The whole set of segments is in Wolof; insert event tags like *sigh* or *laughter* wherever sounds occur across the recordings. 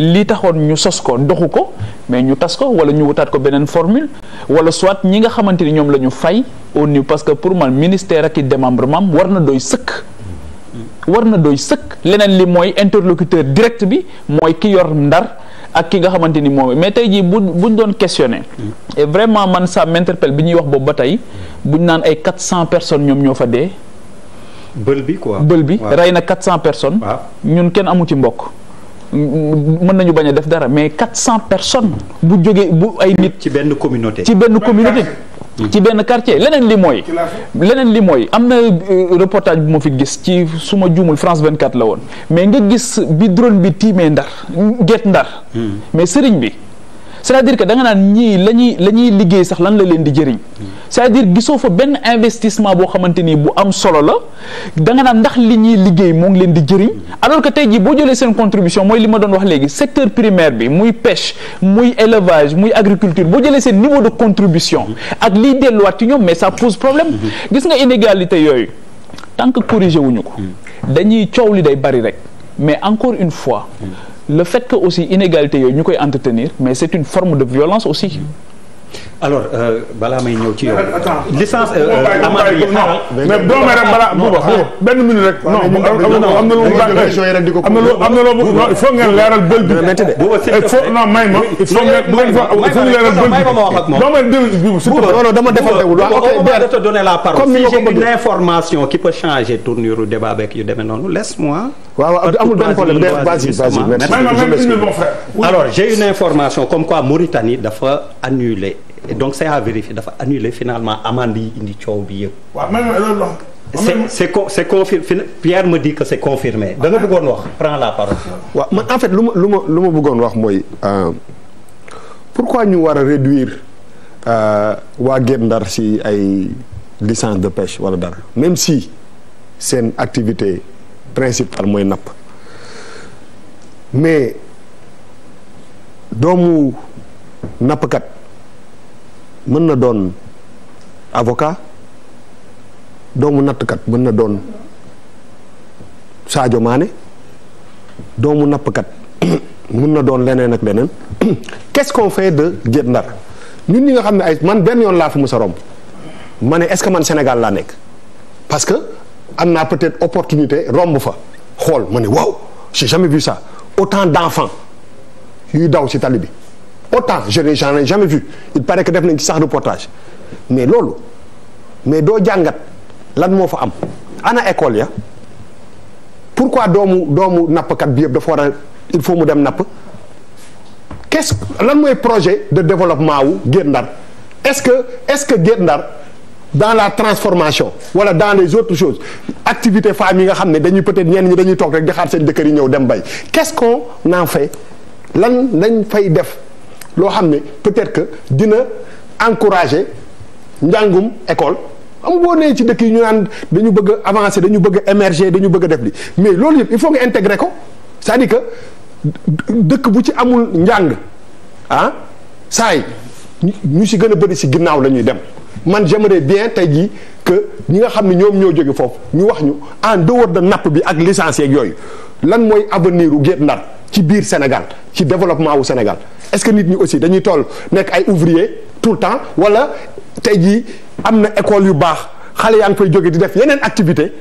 li taxoon ñu sos ko doxu ko mais ñu tas ko wala ñu wutaat ko beneen formule wala soit ñi nga xamante ni ñoom la ñu fay au niveau parce que pour man ministère ak i maam war na doy sëkk. war na doy sëkk leneen li mooy interlocuteur direct bi mooy ki yor ndar ak ki nga xamante ni moom mais tey jii bu buñ doon questionné. et vraiment man ça m'interpelle bi ñuy wax boobu ba tey buñ naan ay 400 personnes ñoom ñoo fa dee. bël bi quoi bël bi rey na 400 personnes. ñun kenn amu ci mbokk. mën nañu bañ a def dara mais quatre cent personnes bu jógee bu ay nit. ci benn communauté ci benn communauté. Mmh. ci benn quartier leneen li mooy. leneen li mooy am na euh, reportage bu ma fi gis ci su ma juumul France 24 la woon mais nga gis bi drone bi tiimee ndar gétt ndar. Mmh. mais sëriñ bi. c'est-à-dire que da nga naan ñii lañuy la ñuy liggéey sax lan la leen di jëriñ c'est-à-dire gisoo fa benn investissement boo xamante ni bu am solo la da nga naan ndax li ñuy liggéey moo ngi leen di jëriñ alors que tey jii boo jëlee seen contribution mooy li ma doon wax léegi secteur primaire bi muy pêche muy élevage muy agriculture boo jëlee seen niveau de contribution ak liy delluwaat ci ñoom mais ça pose problème gis nga inégalité yooyu tant que corrigé wuñu ko dañuy coow li day bari rek mais encore une fois le fait que aussi inégalité yooyu ñu koy entretenir mais c'est une forme de violence aussi alors euh, balaa may ñëw ci yow. licence euh, amaat yi xaaral. Ah, mais boo may rek balaa bu ba benn minute rek. non am na lu am na lu am na lu il faut ngeen leeral bël bi. il faut non may ma. il faut ngeen bu ngeen leeral bël bi. non may déglu surtout. non non dama defantewul waaw ok bien te donner la parole. comme ni ma ko bëgg si j'ai une information qui peut changer tournure débat beeg yu demee noonu laisse-moi. waaw waaw amul benn problème vas-y vas-y merci alors j'ai une information comme quoi Mauritanie dafa annulé donc c'est à vérifier dafa annuler finalement amende yi coow bi yëpp. waaw man loolu c'est c'est confirmé Pierre me dit c'est confirmé. da nga wax prends la parole. waaw man en fait lu ma lu ma lu ma bëggoon wax mooy euh, pourquoi ñu war a réduire euh, waa Guet Ndar si ay licence de pêche wala dara même si seen activité principale mooy napp mais doomu nappkat. mën na doon avocat doomu nattkat mën na doon Sadio Mané doomu nappkat *clears throat* mën na doon leneen ak leneen *clears throat* qu'est-ce fait de Guet Ndar ñun ñi nga xam ne ay man benn yoon laa fi mës a romb ma ne est-ce que man Sénégal laa nekk parce que am naa peut-être opportunité romb fa xool ma ne waaw j'ai jamais vu ça autant d'enfants yuy daw ci tali bi autant je n'ai j'en ai jamais vu il paraît que def nañ ci sax reportage mais loolu mais doo jàngat lan moo fa am ana école ya pourquoi doomu doomu nappkat bi yëpp dafa war a il faut mu dem napp quest lan mooy projet de développement wu Guet Ndar est-ce que est-ce que Guet Ndar dans la transformation wala dans les autres choses activité femmes yi nga xam ne dañuy peut-être ñenn ñi dañuy toog rek di xaar seen jëkkër yi ñëw dem bay qu'est-ce qu'on en lan lañ fay def loo xam ne peut-être que dina encourager njàngum école am boo nee ci dëkk yi ñu naan dañu bëgg a avancer dañu bëgg a dañu bëgg a def li mais loolu yëpp il faut nga intégrer ko c'est-à-dire que dëkk bu ci amul njàng ah saa yi ñu si gën a bëri si ginnaaw la ñuy dem man j'aimerais bien tey jii que ñi nga xam ne ñoom ñoo jóge foofu ñu wax ñu en dehors de napp bi ak licencié yooyu lan mooy avenir u Guet Ndar ci biir Sénégal ci développement wu Sénégal est-ce que nit ñi aussi dañuy toll nekk ay ouvrier tout le temps wala tey jii am na école yu baax xale yaa ngi koy jóge di def yeneen activité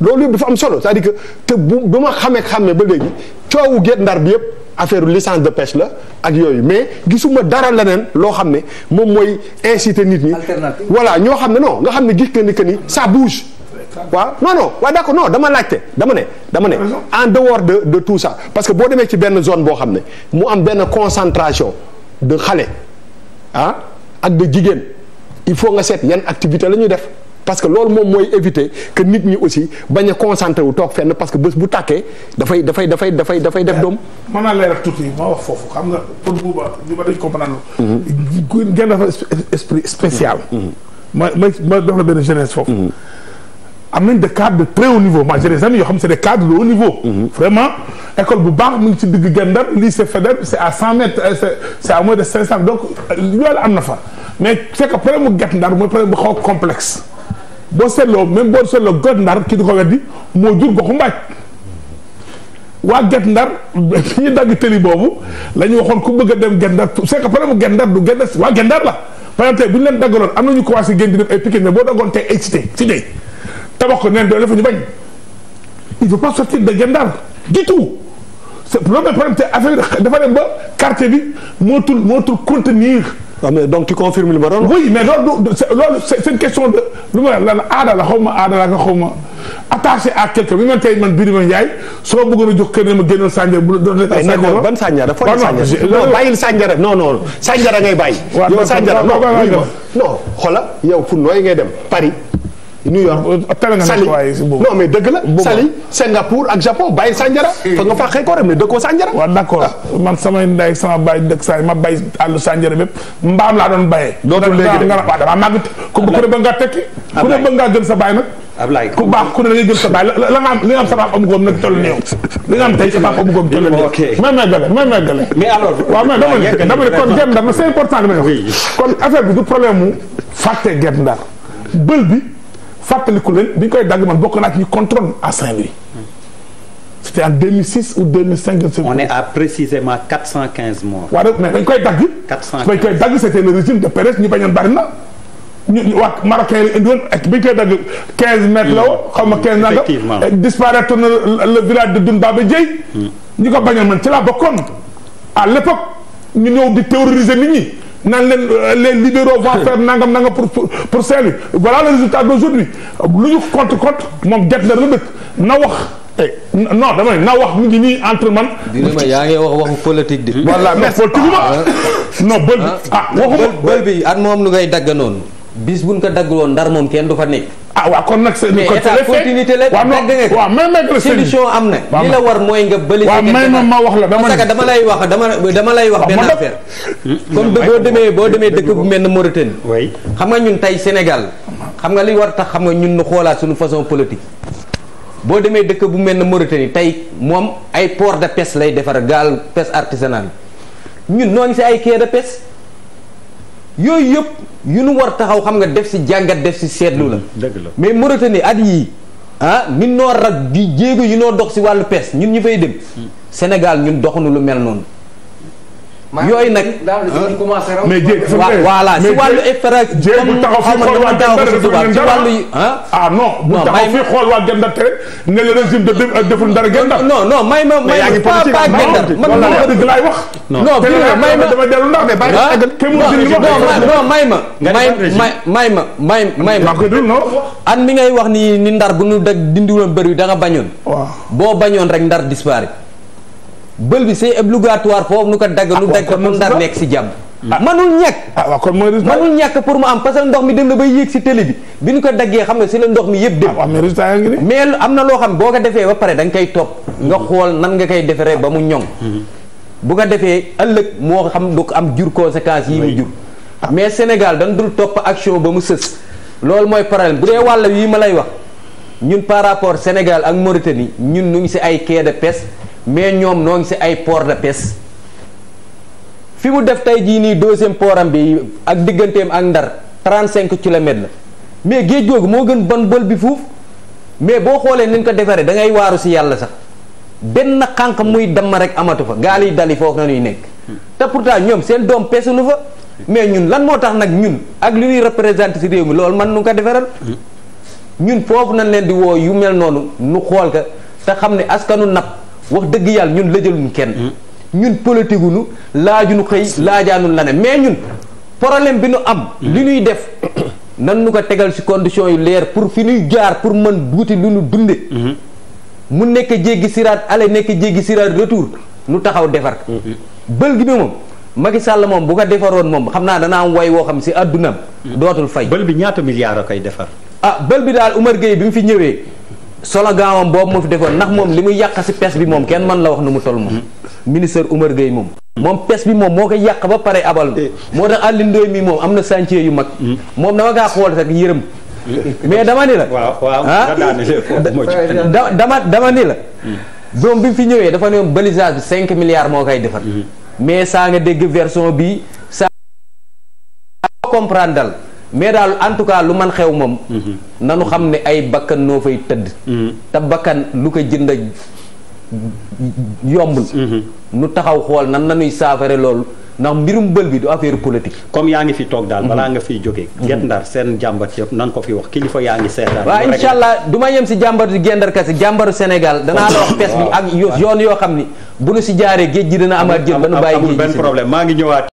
loolu yëpp dafa am solo cest à que te bu ba ma xamee xam ne ba léegi coowu Guet Ndar bi yëpp affaire licence de pêche la ak yooyu mais gisuma dara leneen loo xam ne moom mooy inciter nit ñi. alternative voilà ñoo xam ne non nga xam ne gis nga ni que ni ça bouge. waaw non non waaw d'accord non dama laajte dama ne dama ne en dehors de de tout sax parce que boo demee ci benn zone boo xam ne mu am benn concentration de xale ah ak de jigéen il faut nga seet yan activité la ñuy def parce que loolu moom mooy éviter que nit ñi aussi bañ a concentré wu toog fenn parce que bés bu tàkkee dafay dafay dafay dafay dafay def doom. mën naa leeral tuuti ma wax foofu xam nga pour bu ba ñu ba dañu comprendre. Mm-hmm. gën dafa esprit spécial. Mm-hmm. ma ma ma la benn jeunesse foofu. Mm-hmm. am nañ des cadres de très haut niveau moi j'ai des yoo xam c'est des cadres de haut niveau. Mhm. vraiment école bu baax mu ngi ci digg Gendar lycée Faidherbe c'est à 100 euh, c'est à moins de 500 donc loolu euh, am na fa mais c'est que problème mu Guet Ndar mooy problème bu xaw a complexe boo seetloo même boo seetloo Guet Ndar ki di ko moo jur goxu mbaaj waa Guet Ndar fi *laughs* ñu dagg tëli boobu la ñu waxoon ku bëgg a dem Guet Ndar c'est que problème mu Guet Ndar du Guet Ndar waa Guet Ndar la par exemple bu ñu leen daggaloon am na ñu commencé génn di def ay piquet mais boo daggoon tey ay cité tabax ko neen de Guet-Ndar du tout c'est loolu mooy problème ba quartier bi mootul mootul contenir. waaw ah, mais donc tu confirmes li ma doon. oui lu ma la la aada la xaw ma aada la nga xaw ma attaché à quelqu'un bi man tey man Birima soo bëggoon jox kër ne ma génnoon Sandiara bu doon nekk. Sandiara ban Sandiara foo non bàyyil Sandiara non ngay bàyyi. waaw non non non non xoolal yow fu nooy ngay dem Paris. New York tere ah, na Sali non mais dëgg la. Sali Singapour ak Japon bàyyi Sanjara. fa nga fàqee ko rek mais dëkkoo Sanjara. waaw d'accord ah. man samay ndey ak sama baay dëkk saa ma bay àllu Sanjara bépp mbaam laa doon bayee. dootul léegi de waaw damaa màgg ku ne bëgg ngaa tekki. ku ne bëgg ngaa gën sa baay nag. Ablaye ku baax ku ne da ngay gën sa baay la la nga am li nga am sa baab am góom nag toll ni yow li nga am tey sa baab am góom toll ni yow may may gale may may gale mais alors waaw mais dama ne dama ne kon Guet Ndar c'est important li may wax kon affaire bi du problème mu fàtte Guet Ndar bël bi fàttaliku leen bi ñu koy dagg man bokk ak ci ñu contrôle à Saint-Louis. c'était en 2006 ou 2005. on est à précisément 415 morts. waaw mais dañ koy dagg. 415 dañ koy dagg c'était le régime de Pérez ñu bañoon bari na. ñu waa Marocain yi indiwoon koy dagg 15 mètres la woon. Hmm. xaw ma 15 nangam effectivement eh, disparaître na le village de Doundaba Dieye. Hmm. ñu ko bañoon man ci laa bokkoon. à l'époque ñu ñëw di terroriser nit nan leen euh, les libéraux vont faire nangam nangam pour pour Saint-Louis voilà le résultat d'aujourd'hui lu ñu contre contre moom gerte la dëkk na wax. Eh. non dama ne na wax mu ngi nii entre man. yaa ngi wax waxu politique di. voilà mais politique ma ah. non bël bi ah, ah waxuma bël bi at moom lu ngay dagg noonu bis buñ ko dagg woon ndar moom kenn du fa nekk. ah waaw kon nag. mais état continuité la waaw mais maître solution am na. li la war mooy nga bëri. waaw may ma wax la dama parce que dama lay wax dama dama lay wax. Ah, benn affaire *laughs* comme boo demee boo demee dëkk bu mel ne Mauritanie. oui xam nga ñun tey Sénégal xam nga li war tax xam nga ñun ñu xoolaat suñu façon politique. boo demee dëkk bu mel ne Mauritanie tey moom ay port de pêche lay defar gaal pêche artisanale ñun noo ngi si ay quai de pêche. yooyu yëpp yu nu war taxaw xam nga def si jàngat def si seetlu la. dëgg la mais Mauritanie at yii ah ñun noo rag di jéego yu noo dox si wàllu pees ñun ñu fay dem. Hmm. Sénégal ñun doxunu lu mel noonu. yooyu nag mais jéeg voilà si wàllu effet jéeg bu taxaw fii xool waa Gendar ci wàllu ah? ah non bu taxaw fii xool waa Gendar tere ne le régime de euh, deful dara may ma may ma pas pas Gendar man ma dëgg laay wax non may ma dama dellu ndax ah? non may ma may may may ma may may ma an mi ngay wax ni ni ndar bu ñu deg dindiwoon bëri da nga bañoon boo bañoon rek ndar disparaît bël bi c'est obligatoire foofu nu ko dagg nu ah, dagg ko mu ndar nekk si jàmm ah. manul ñàkk ah, kon mooy résultat manul ñàkk pour mu am parce que ndox mi dem na bay yéeg si télé bi bi ñu ko daggee xam nga si la ndox mi yëpp dem mais am na loo xam boo ko defee ba pare da koy topp mm-hmm. nga xool nan nga koy deferee ba mu ñoŋ mm-hmm. bu ko defee ëllëg moo xam du ko am jur conséquences yi mu jur mais Sénégal dañ dul topp action ba mu sës loolu mooy problème bu dee wàlla yii ma lay wax ñun par rapport Sénégal ak Mauritanie ñun ñu ngi si ay quai de mais ñoom noo ngi si ay port de pes fi mu def tey jii nii deuxième portam bi ak digganteem ak ndar 35 kilomètres la mais géej googu moo gën bon bël bi fuuf mais boo xoolee nañ ko defaree dangay waaru si yàlla sax benn xànq muy damm rek amatu fa gaal yi dali foofu na ñuy nekk te pourtant ñoom seen doom pesunu fa mais ñun lan moo tax nag ñun ak li ñuy représenté si réew mi loolu man nu ko defaral ñun foofu nañ leen di woo yu mel noonu nu xool ka te xam ne askanu napp wax dëgg yàlla ñun lëjaluñ kenn. ñun politique wu ñu laajuñu xëy laajaanu la ne mais ñun problème bi nu am. li ñuy def nan nu ko tegal ci condition yu leer pour fi ñuy jaar pour mën duuti lu nu dunde mu nekk jéggi siraat ale nekk jéggi siraat retour nu taxaw defar. bël gi bi moom Macky Sall moom bu ko defaroon moom xam naa danaa am way woo xam ci àddunaam. dootul fay bël bi ñaata milliards a koy defar. ah bël bi daal Umar Gueye bi mu fi ñëwee. solo gaawam boobu moo fi defoon ndax moom li muy yàq si pes bi moom kenn mën la wax nu mu toll moom ministre Oumar Gueye moom moom pes bi moom moo ko yàq ba pare abal eh. moo tax Alioune Ndoye mi moom am na chantier yu mag hmm. moom dama gaa xool rek yërëm mais dama ni la ah da dama dama la hmm. doom bi fi ñëwee dafa ne balisage bi cinq milliards moo koy defar hmm. mais saa nga dégg version bi saa comprendre mais daal en tout cas lu man xew moom. na mhm. nanu xam ne ay bakkan noo fay tëdd. Mhm. te bakkan lu ko jënd yombul. Mhm. nu taxaw xool nan nanuy saafare loolu. ndax mbirum bël bi du affaire politique. comme yaa ngi fi toog daal balaa nga fiy jóge Guet Ndar seen jàmbat yëpp nan ko fi wax kilifa yaa ngi seetaan. waaw incha allah du ma yem si jàmbatu Guet Ndar kese jàmbaru Sénégal danaa la wax pes bi ak yoon yoo xam ni bu nu si jaaree géej gi dina amaat jël ba nu bàyyi géej gi amul maa ngi ñëwaat.